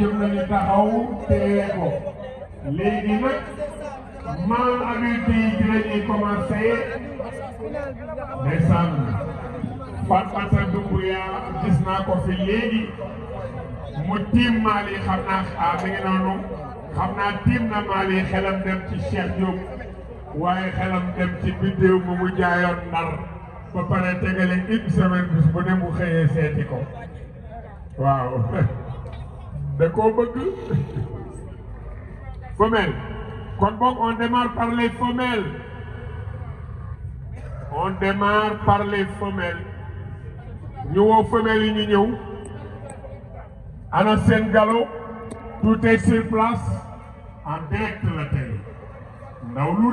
jóg nañu taxaw téye ko léegi nag maam adulte yi ci la ñuy commencé ndeysaan Fatou Anta Doumbouya gis naa ko fi léegi mu tiim maal xam naa ah noonu xam naa tiim na maal xelam dem ci Cheikh Diop waaye xelam dem ci biddéew bu mu jaayoon ndar ba pare tegale une semaine bis bu ne mu xëyee seeti ko waaw. De combats on démarre par les femelles on démarre par les femelles nous on femelles yi ñu À galop tout est sur place en direct la télé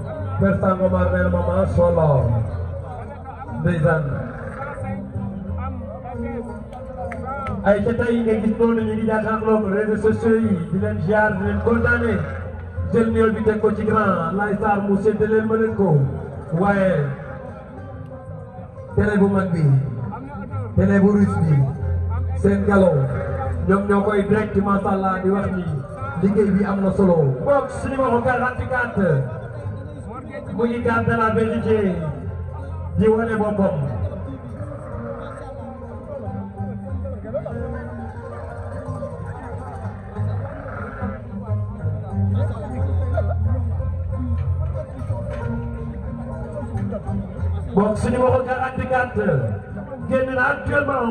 Père Sangomar nee na ma maa sooloo ndeysaan ay ca tey nga gis noonu ñu ngi jàkkaarloog réseaux sociaux yi di leen ziar di leen kontaane jël néew bi teg ko ci grand lay saar mu sédd leen ma leen ko waaye télé bu mag bi télé bu russe bi seen galaw ñoom ñoo koy direct macha allah di wax ni liggéey bi am na solo. boog suñu waxu 44. mu ngi garde la vérité di wane boppam bon suñu waxoon quarante quatre génn na actuellement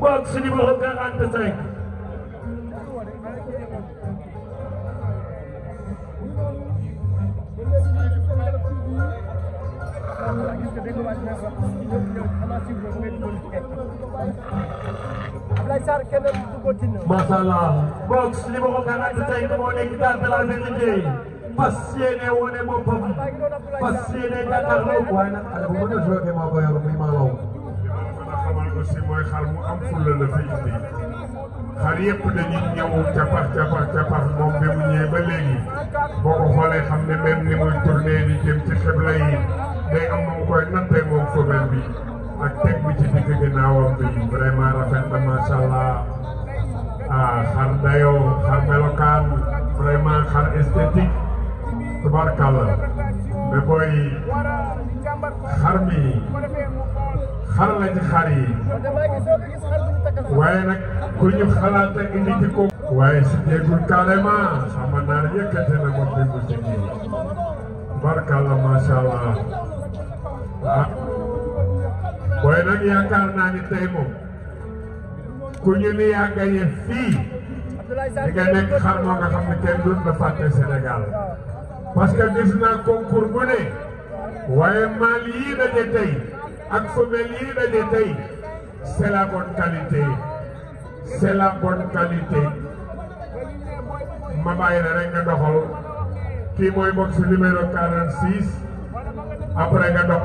bon suñu waxoon quarante cinq macha allah box li ma ko gànnaay bi tey moo nekk daal de la liggéey fas yéene wone boppam fas yéene jàkkaarloo waaye nag xale bu mën a joué maa ko yor muy maa law. xamal aussi mooy xar mu am fulla la fi indi xar yëpp dañuy ñëw capax capax capax moom bi mu ñëwee ba léegi boo ko xoolee xam ne même ni muy tourné di jëm ci xibla yi. day am mu koy natteegoog femelle bi ak teg bi ci digg ginnaawam bi vraiment rafet na macha allah ah xar dayoo xar melokan vraiment xar esthétique tubarkalla mais booy xar mi xar la ci xar yi waaye nag ku ñu xalaat ak indi ci ko. déggul sama naar yëkkati na ko déglu ci kii tubarkalla allah. waaw ah. waaye nag yaakaar naa ni tey moom ku ñu ni yaa gañe fii di nga xar moo nga xam ne kenn duñ la fàtte Sénégal gis naa concours bu ne waaye maal yii daje tey ak femelle yii daje tey c'est la bonne qualité c'est la bonne qualité ma bàyyi la rek nga doxal kii mooy box numéro 46 après dox.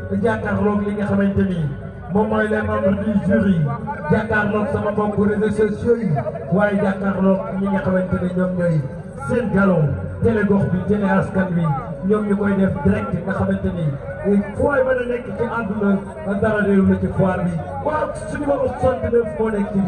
jàkkaarloog li nga xamante ni moom mooy les membres du jury jàkkaarloog sama mbokku réseaux sociaux yi waaye jàkkaarloog ñi nga xamante ni ñoom ñooy seen galon télé gox bi télé askan bi ñoom ñu koy def direct nga xamante ni fooy mën a nekk ci àdduna dara réew la ci foire bi waaw suñu moo nekk ci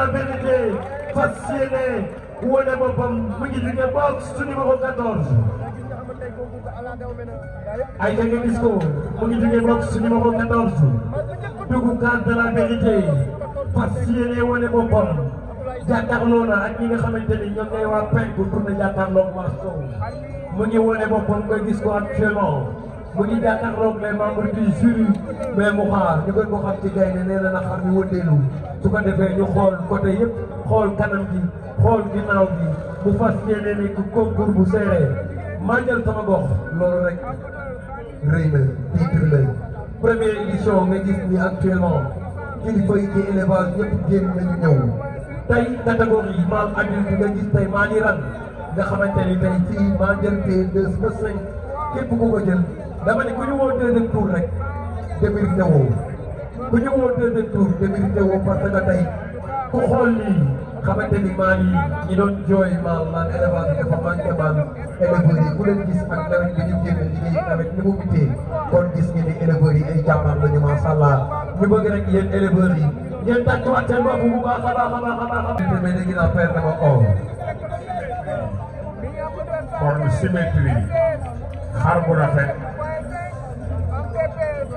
organisé fas yéene wane boppam mu ngi jóge box su numéro 14. ay jege gis ko mu ngi jóge box su numéro 14 dugg carte de la vérité fas yéene e boppam jàkkaarloo na ak ñi nga xamante ni ñoom ñooy waa penku pour ne jàkkaarloo mu wax soow mu ngi wane boppam nga gis ko actuellement. mu ngi jàkkaarloog les membres du jury mais mu xaar ñu gën xam ci gaynde nee na na xam ni wëndeelu su ko defee ñu xool côté yëpp xool kanam gi xool ginnaaw gi bu fas yéene nekk concours bu serré maa jël sama gox loolu rek rëy na titre lay première édition nga gis ni actuellement kilifa yi ci élevage ñëpp génn nañu ñëw tey catégorie maam adulte nga gis tey maa ngi ran nga xamante ni tey fii maa jël pay deux ba cinq képp ku ko jël dama ne ku ñu woo deuxième tour rek démérité woo ku ñu woo deuxième tour démérité woo parce que tey ku xool lii xamante ni maa ngi ñi doon jooy maam maam élevage bi dafa manqué maam éleveurs yi ku leen gis ak nawet bi ñu génn liggéey nawet ni mu mittee kon gis ngeen ni éleveurs yi ay jàmbaar lañu macha allah ñu bëgg rek yéen éleveurs yi ngeen tàccuwaat seen bopp bu baax a baax a baax a baax. ñu demee léegi naa perte ma oo. forme symétrie xar bu rafet.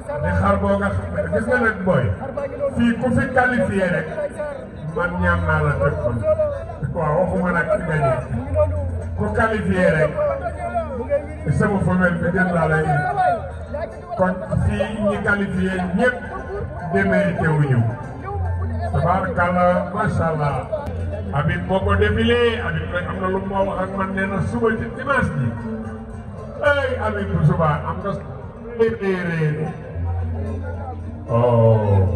ne xar boo nga xam ne gis nga nag booy fii ku fi qualifié rek man ñaan naa la teg kon waaw waxuma nag ki gagné ku qualifié rek sama femelle bi gën laa lay kon fii ñi qualifié ñëpp démérité wuñu tabaarkalla macha allah. Habib moo ko défilé Habib rek am na lu moo wax ak man nee na suba ci dimanche bi ay Habib bu suba am na. oh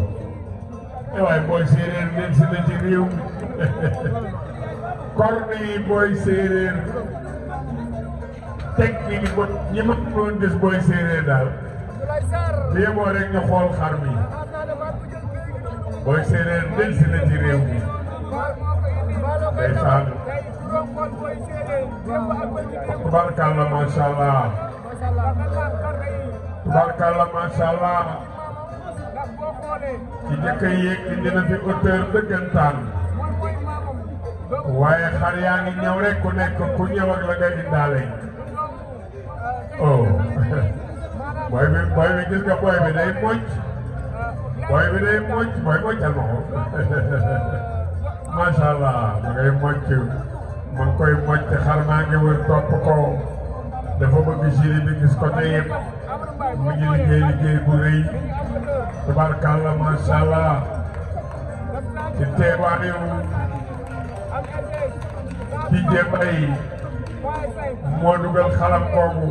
waaye booy séeréer nekk si na ci réew corne yi booy séeréer teg ni ko ñi ma doon gis booy séeréer daal déeboo rek xool xar mi booy séeréer nekk si na ci réew mi day saan tubarkalla macha allah tubarkalla macha allah ci njëkk a yéeg dina fi auteur dëggantaan waaye xar yaa ngi ñëw rek ku nekk ku ñëw ak la ngay indaale oh booy bi booy bi gis nga booy bi day mocc booy bi day mocc booy moccal ma ko macha ma ngay mocc ma koy mocc xar maa ngi wër topp ko dafa bëgg jury bi gis ko te yëpp mu ngi liggéey liggéey bu rëy. tubarkalla macha allah ci teewaayu di jëmbay moo dugal xalam kooku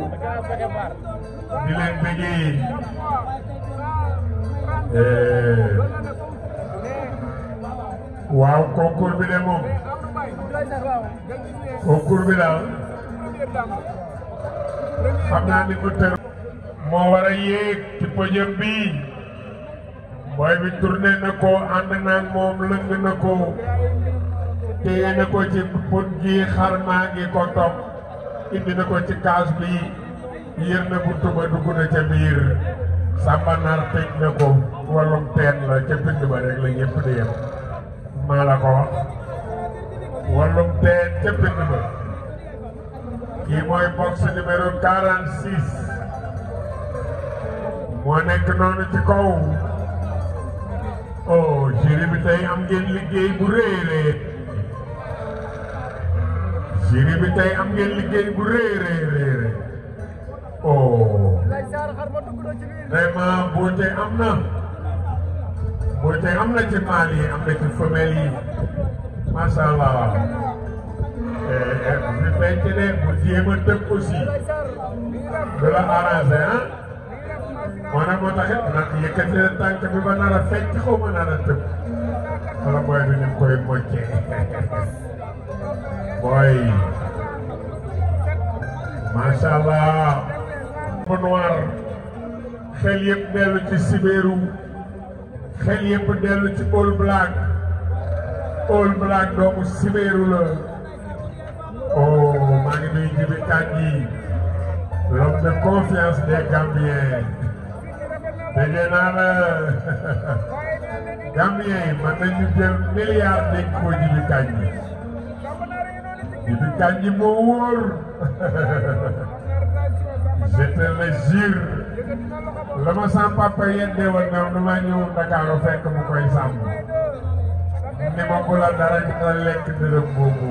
di leen bëggee eh. waaw concours bi de moom concours bi daal xam naa ni ko tër moo war a yéeg ci podium bi booy bi tourné na ko ànd naag moom lëng na ko téye na ko ci put gi xar maa ngi ko topp indi na ko ci kaas bi yër na buntu ba dugg na ca biir Samba Naar tëj na ko wàllum la ca bind ba rek la ñëpp di yem maa la ko wax wàllum ca bind ba kii mooy box numéro 46 moo nekk noonu ci kaw. o oh, jury bi tey am ngeen liggéey bu réeréer jury bi tey am ngeen liggéey bu réeréer oh vraiment boote am na boote am na ci mâle am na ci femelle yi macha allah eh eh bu ñu béy ci de bu jéem a tëb aussi de la arrangé ah. maanaam moo taxit nag yëkkati leen tànk bi ba nar a fecc xaw ma nar a tëb wala booy bi ni xel yëpp dellu ci sibéeru xel yëpp dellu ci all black all black doomu sibéeru la oh maa ngi nuyu jibi tànn yi l'homme de confiance des Gambiens. mais nee naa la Gambien yi mën nañu jël milliard dégg ko Djibi Kandji Djibi Kandji moo wóor je te le jure la ma sama papa yendee woon na dama ñëw Ndakaaru fekk mu koy sàmm ni ma ko la dara dina lekk dërëm boobu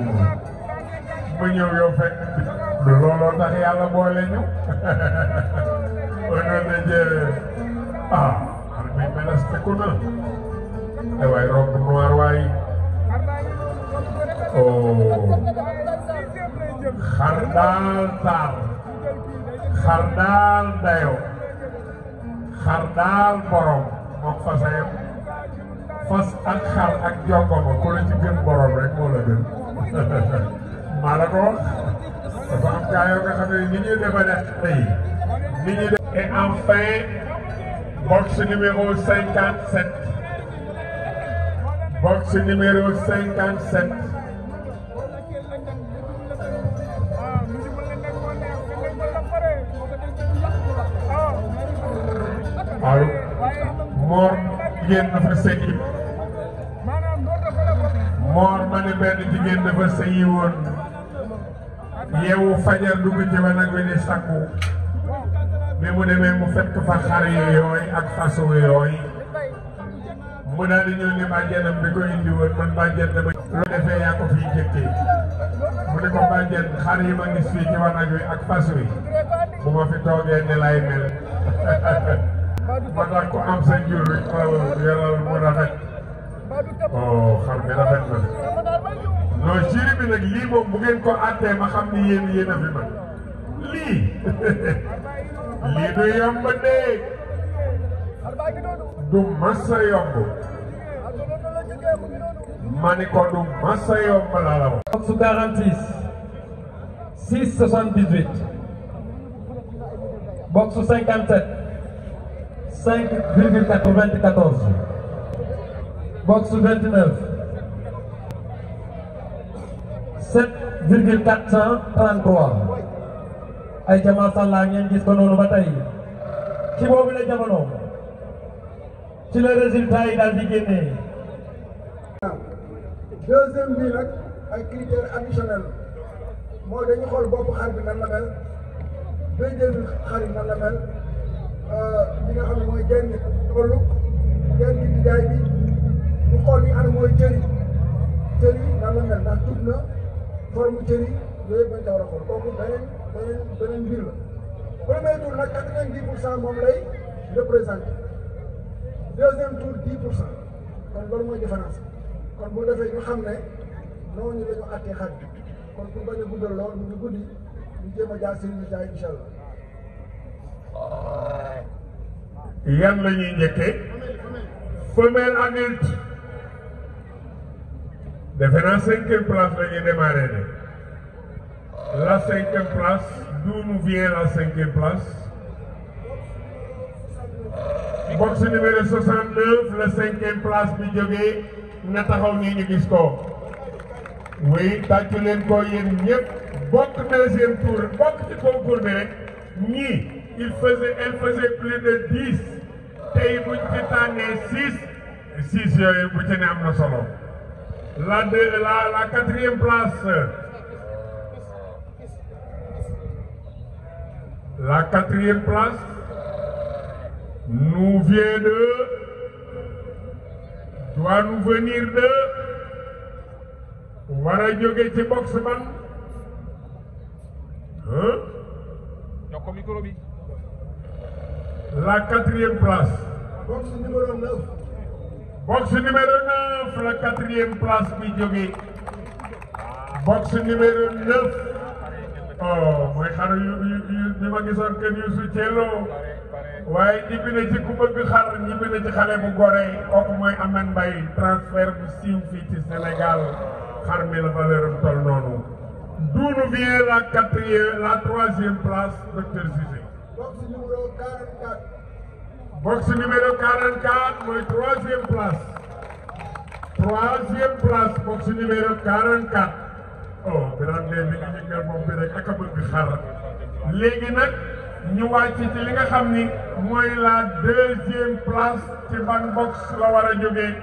ma ñëw yow fekk looloo tax yàlla boole ñu. ah xale bi melas takku na ay waay robe noir waay oh xar daal taar xar daal dayo xar daal borom moom fas a xar ak jokkoma ku la ci gën borom rek moo la maa la ko wax dafa am gaa yoo nga xam ne ni ñuy defaree xar yi ni box numéro 57 box numéro 57 waaw Mor jigéen dafa sëyi Mor ma benn jigéen dafa sëyi woon yeewu fajar dugg ci ba nag bi ni sakku bi mu demee mu fekk fa xar yi ak façon yooy mu daal di ñëw ni bàjjenam bi ko indi woon man dama lu defee yaa ko fiy jëkkee mu ne ko bàjjen xar yi ma gis fii ci wanag wi ak fas wi bu ma fi toogee ne lay mel ma tax ku am sa jur wi xaw yoral mu rafet oh xar mi rafet na non jiri bi nag lii moom bu ngeen ko àttee ma xam ni yéen yéen a fi man lii Yidu yambu ne Du masa yambu Maniko du masa yambu lala Su garantis 678 Boxo 57 5,94 Boxo 29 7,433 ay jama sàllaa ngeen gis ko noonu ba tey ci boobu la jamono ci la résultat yi daal di génnee. deuxième bi nag ay critères additionnels mooy dañu xool bopp xar bi nan la mel béjjén xar yi nan la mel euh, li nga xam ne mooy jenn bi ñu xool li nga xam mooy jëri jëri nan la a xool beneen beneen mbir la premier tour nag quatre-vingt-dix pour cent moom lay représenté deuxième tour dix pour cent kon loolu mooy différence kon bu defee ñu xam ne noonu dañu àttee kon pour bañ a guddal lool ñu guddi ñu jéem a jaar si ñu jaay incha allah. yan la ñuy njëkkee femelle adulte defe la ñuy démarrer de. la cinquième place. D'où nous vient la cinquième place Boxe numéro 69, la cinquième place du Djogé, Natarongi Nibisco. Oui, t'as que l'encoyer, n'yep, bok deuxième tour, bok du concours, ni, il faisait, elle faisait plus de 10, t'es une petite année 6, 6, je vais vous tenir à mon salon. La quatrième place, La quatrième place nous vient de, doit nous venir de Wara Djogé Boxman. Hein? La quatrième place. Box numéro 9. Box numéro 9, la quatrième place qui Box numéro 9. oh mooy xar yu yu yu ñu ma gisoon kenn yu su teeloo waaye ñibbi ci ku bëgg xar ñibbi ci xale bu goree kooku mooy Ameth Mbaye transfert bu siiw fii ci Sénégal xar mi la valeur am toll noonu. Doudou Vier la quatrième la troisième place docteur Cissé. box numéro 44. box mooy troisième place. troisième place box numéro toog oh, Birane Ndeye mi ngi ñu kër moom bi ak a bëgg xar léegi nag ñu wàcc ci li nga xam ni mooy la deuxième place ci ban box la war a jógee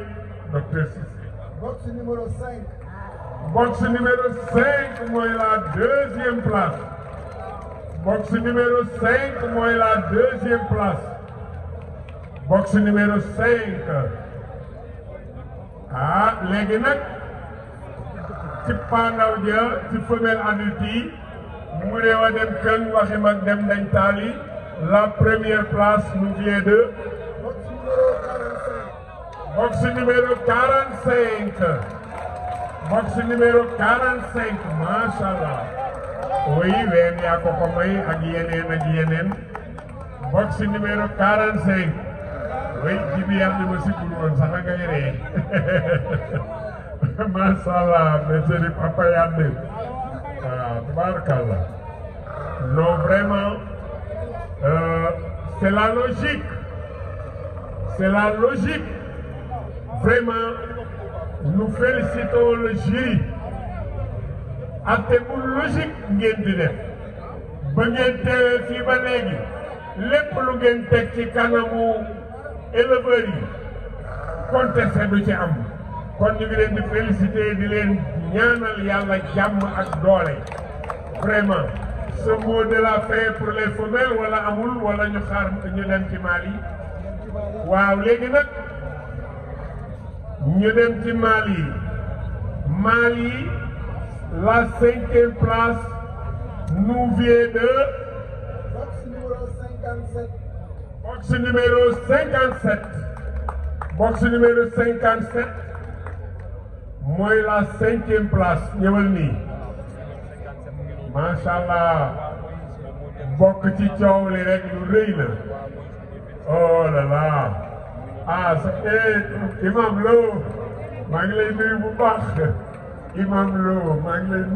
docteur Cissé. box numéro 5. box numéro 5 mooy la deuxième place. box numéro box ah léegi nag. cippaandaw ja ci femelle adulte mu réew dem kenn waxi mag dem dañ taali la première place nous vient de box numéro 45 box numéro 45 macha allah ween yaa ko ko ak yeneen ak yeneen box numéro 45 oui ji bi yàlla ma sikkul woon sax nga yéree macha allah monsieur Papa Yande waaw tubaarkàlla non vraiment euh, c'est la logique c'est la logique vraiment nous félicitons le jury Après bu logique ngeen di def ba ngeen teewee fii ba léegi lépp lu ngeen teg ci kanamu éleveurs yi contesté du ci am kon ñu ngi leen di félicité di leen ñaanal yàlla jàmm ak vraiment ce mot de la paix pour les femelles voilà amul voilà ñu xaar ñu dem ci Mali Nous sommes nag ñu Mali Mali la cinquième place nous vient de box numéro 57 box numéro 57 box numéro 57 moi, la cinquième place ni Masha'Allah. sha allah bok ci oh là là ah c'est... Eh, imam Lo maa ngi imam Lo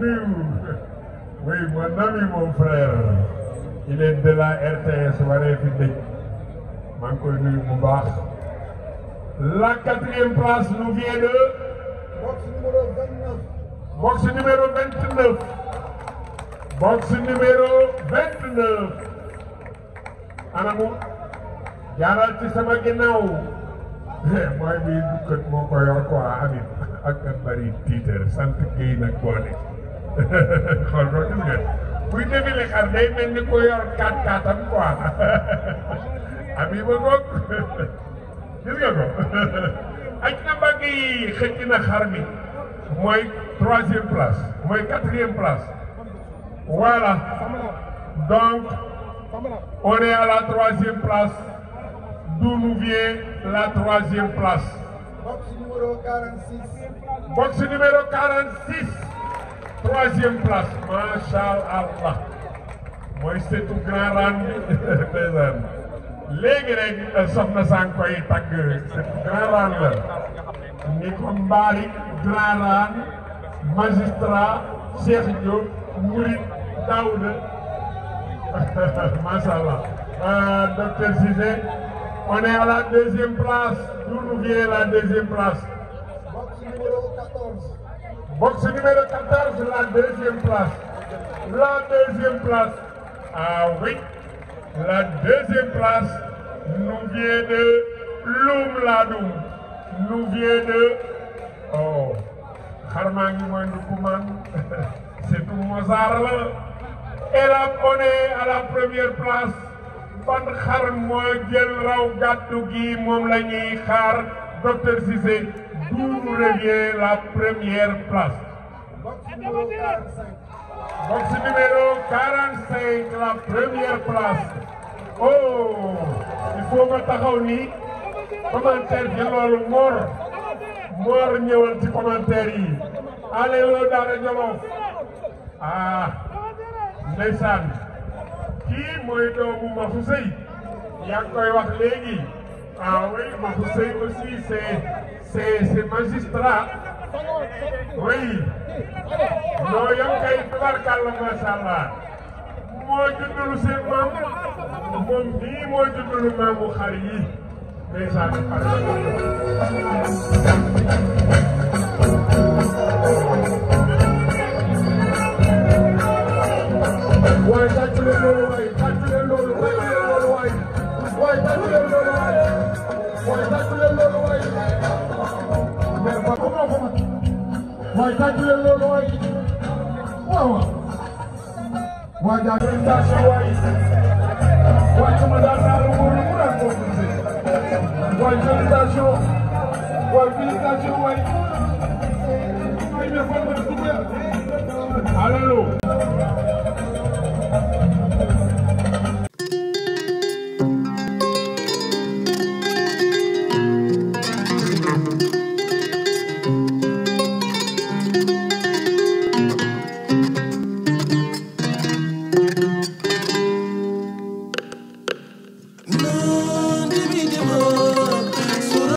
je oui mon ami mon frère il est de la RTS waré fi dëj la quatrième place nous vient de. box numéro 29. box numéro 29. box numéro 29. anamu. jaaral ci sama ginnaaw. mooy bii dukkat moo ko yor quoi amit ak nga bëri tiiter sant kii nag boole ko gis nga buy défile xar day mel ni ko yor kaat kaatam quoi ami ba goog gis nga ko aj na mbagg yi Moi, troisième place Moi, quatrième place voilà donc on est à la troisième place d'où nous vient la troisième place box numéro 46 box numéro 46 troisième place macha allah c'est tout grand léegi rek eh, soxna sang koy tagg grand rang la ni ko Malick grand rang magistrat Cheikh Diop Mouride Daouda macha allah euh, docteur on est à la deuxième place d'où nous la deuxième place. box numéro 14. la deuxième place. la deuxième place ah La deuxième place nous vient de Loum Nous vient de... Oh, Harmangi c'est tout Mozart là. Et la on à la première place. Ban xar Gelrao Gatougi, raw Har. docteur Cissé la première place. Box numéro 45, la première place. Oh, il faut taxaw ni commentaire bi loolu Mor Mor ñëwal ci commentaire yi. Allez loo daara Jolof. Ah, ndeysaan. Kii mooy doomu Mafou Sey. wax léegi. Ah oui, Mafou Sey aussi c'est c'est oui ñoo yam kay tubarkàlla macha allah moo juddalu seen maam moom bii moo juddalu maamu xar yi ndeysaan waaye sàcc la loolu waaye tàggu leen loolu waay waaw waa jaajëfal waay waay sama daan naa lu wóor lu mu daan koo dundee waay félicitation waay félicitation waay ay mais fan nga dugg allo